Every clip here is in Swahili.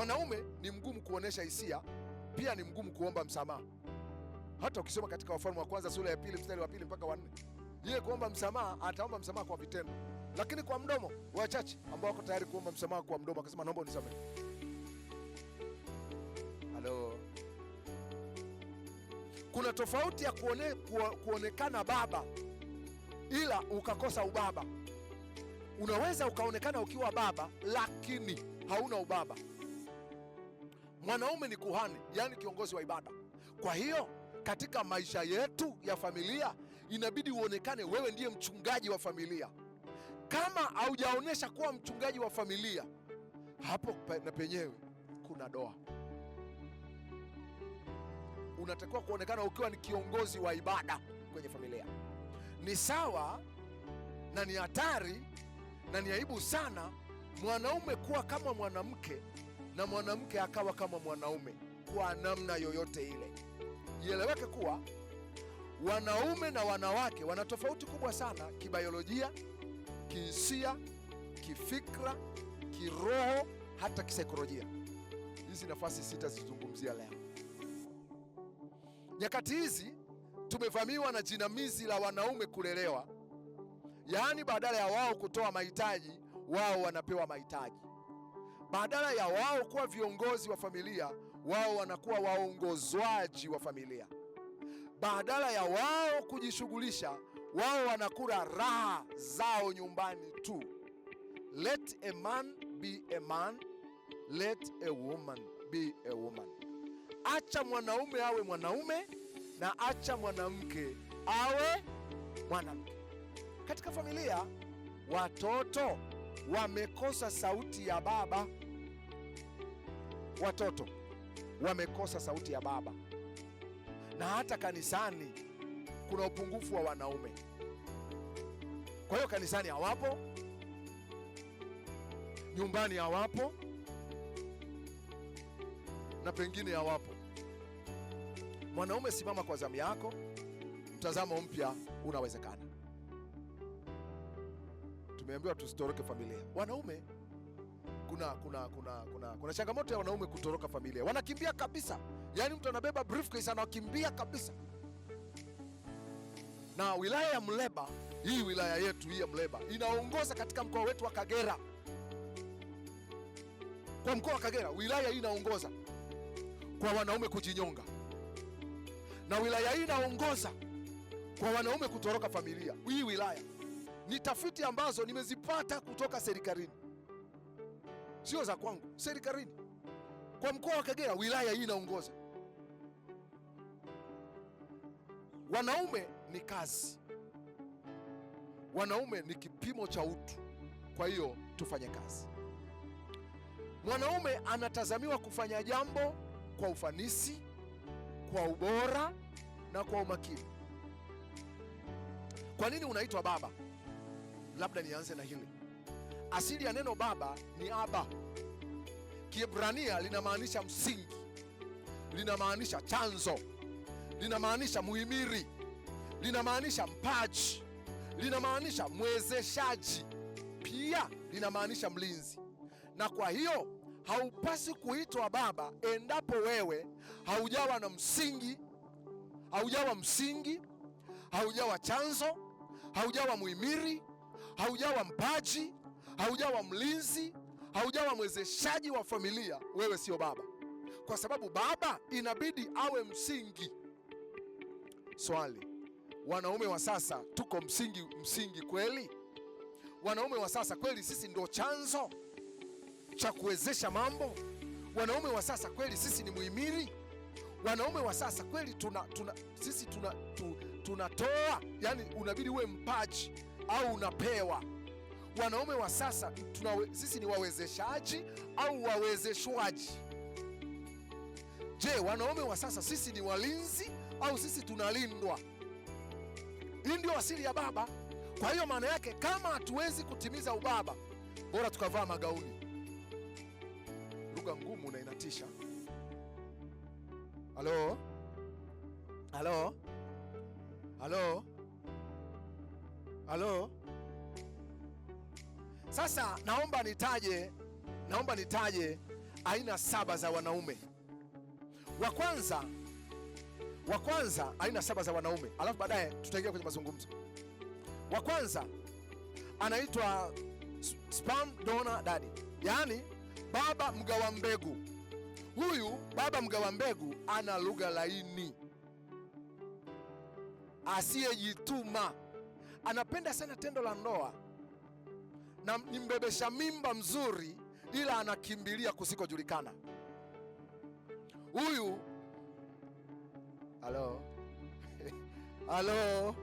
Mwanaume ni mgumu kuonesha hisia, pia ni mgumu kuomba msamaha. Hata ukisoma katika Wafalme wa kwanza sura ya pili mstari wa pili mpaka wa nne, yeye kuomba msamaha ataomba msamaha kwa vitendo, lakini kwa mdomo wachache ambao wako tayari kuomba msamaha kwa mdomo, akasema naomba unisamehe. Halo, kuna tofauti ya kuone, kuonekana baba ila ukakosa ubaba. Unaweza ukaonekana ukiwa baba lakini hauna ubaba. Mwanaume ni kuhani, yaani kiongozi wa ibada. Kwa hiyo katika maisha yetu ya familia inabidi uonekane wewe ndiye mchungaji wa familia. Kama haujaonyesha kuwa mchungaji wa familia, hapo na penyewe kuna doa. Unatakiwa kuonekana ukiwa ni kiongozi wa ibada kwenye familia. Ni sawa na ni hatari na ni aibu sana mwanaume kuwa kama mwanamke na mwanamke akawa kama mwanaume kwa namna yoyote ile. Ieleweke kuwa wanaume na wanawake wana tofauti kubwa sana kibayolojia, kihisia, kifikra, kiroho, hata kisaikolojia. Hizi nafasi sitazizungumzia leo. Nyakati hizi tumevamiwa na jinamizi la wanaume kulelewa, yaani badala ya wao kutoa mahitaji, wao wanapewa mahitaji. Badala ya wao kuwa viongozi wa familia, wao wanakuwa waongozwaji wa familia. Badala ya wao kujishughulisha, wao wanakula raha zao nyumbani tu. Let a man be a man, let a woman be a woman. Acha mwanaume awe mwanaume na acha mwanamke awe mwanamke. Katika familia, watoto wamekosa sauti ya baba. Watoto wamekosa sauti ya baba, na hata kanisani kuna upungufu wa wanaume. Kwa hiyo kanisani hawapo, nyumbani hawapo, na pengine hawapo. Mwanaume, simama kwa zamu yako, mtazamo mpya unawezekana tumeambiwa tusitoroke familia. Wanaume kuna, kuna, kuna, kuna, kuna changamoto ya wanaume kutoroka familia, wanakimbia kabisa. Yaani mtu anabeba briefcase anakimbia kabisa. Na wilaya ya Mleba hii wilaya yetu hii ya Mleba inaongoza katika mkoa wetu wa Kagera. Kwa mkoa wa Kagera wilaya hii inaongoza kwa wanaume kujinyonga, na wilaya hii inaongoza kwa wanaume kutoroka familia, hii wilaya ni tafiti ambazo nimezipata kutoka serikalini, sio za kwangu, serikalini, kwa mkoa wa Kagera, wilaya hii inaongoza. Wanaume ni kazi, wanaume ni kipimo cha utu. Kwa hiyo tufanye kazi. Mwanaume anatazamiwa kufanya jambo kwa ufanisi, kwa ubora na kwa umakini. Kwa nini unaitwa baba? labda nianze na hili. Asili ya neno baba ni aba. Kiebrania linamaanisha msingi, linamaanisha chanzo, linamaanisha muhimili, linamaanisha mpaji, linamaanisha mwezeshaji, pia linamaanisha mlinzi. Na kwa hiyo haupasi kuitwa baba endapo wewe haujawa na msingi, haujawa msingi, haujawa chanzo, haujawa muhimili, haujawa mpaji, haujawa mlinzi, haujawa mwezeshaji wa familia, wewe sio baba, kwa sababu baba inabidi awe msingi. Swali, wanaume wa sasa tuko msingi? Msingi kweli? Wanaume wa sasa kweli sisi ndio chanzo cha kuwezesha mambo? Wanaume wa sasa kweli sisi ni muhimili? Wanaume wa sasa kweli tuna, tuna, sisi tunatoa tuna, yani unabidi uwe mpaji au unapewa. Wanaume wa sasa tunawe, sisi ni wawezeshaji au wawezeshwaji? Je, wanaume wa sasa sisi ni walinzi au sisi tunalindwa? Hii ndio asili ya baba. Kwa hiyo maana yake kama hatuwezi kutimiza ubaba, bora tukavaa magauni. Lugha ngumu na inatisha. Halo, halo, halo. Halo. Sasa naomba nitaje, naomba nitaje aina saba za wanaume. Wa kwanza, wa kwanza aina saba za wanaume, alafu baadaye tutaingia kwenye mazungumzo. Wa kwanza anaitwa sperm donor daddy, yaani baba mgawa mbegu. Huyu baba mgawa mbegu ana lugha laini, asiyejituma anapenda sana tendo la ndoa na ni mbebesha mimba mzuri, ila anakimbilia kusikojulikana. Huyu halo halo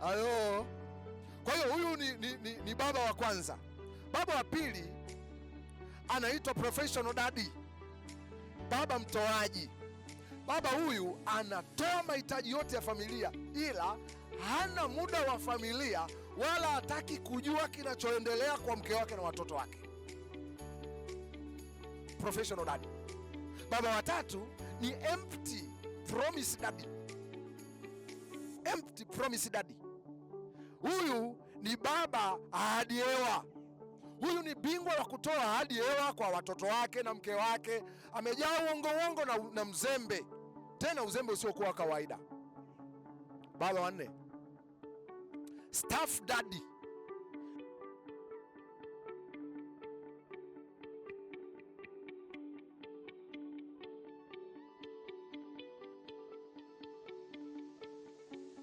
halo. Kwa hiyo huyu ni, ni, ni, ni baba wa kwanza. Baba wa pili anaitwa professional daddy, baba mtoaji. Baba huyu anatoa mahitaji yote ya familia ila hana muda wa familia wala hataki kujua kinachoendelea kwa mke wake na watoto wake. Professional dad, baba watatu ni empty promise daddy. Empty promise daddy. Huyu ni baba ahadi hewa. Huyu ni bingwa wa kutoa ahadi hewa kwa watoto wake na mke wake, amejaa uongo uongo na, na mzembe, tena uzembe usiokuwa kawaida. Baba wanne staff daddy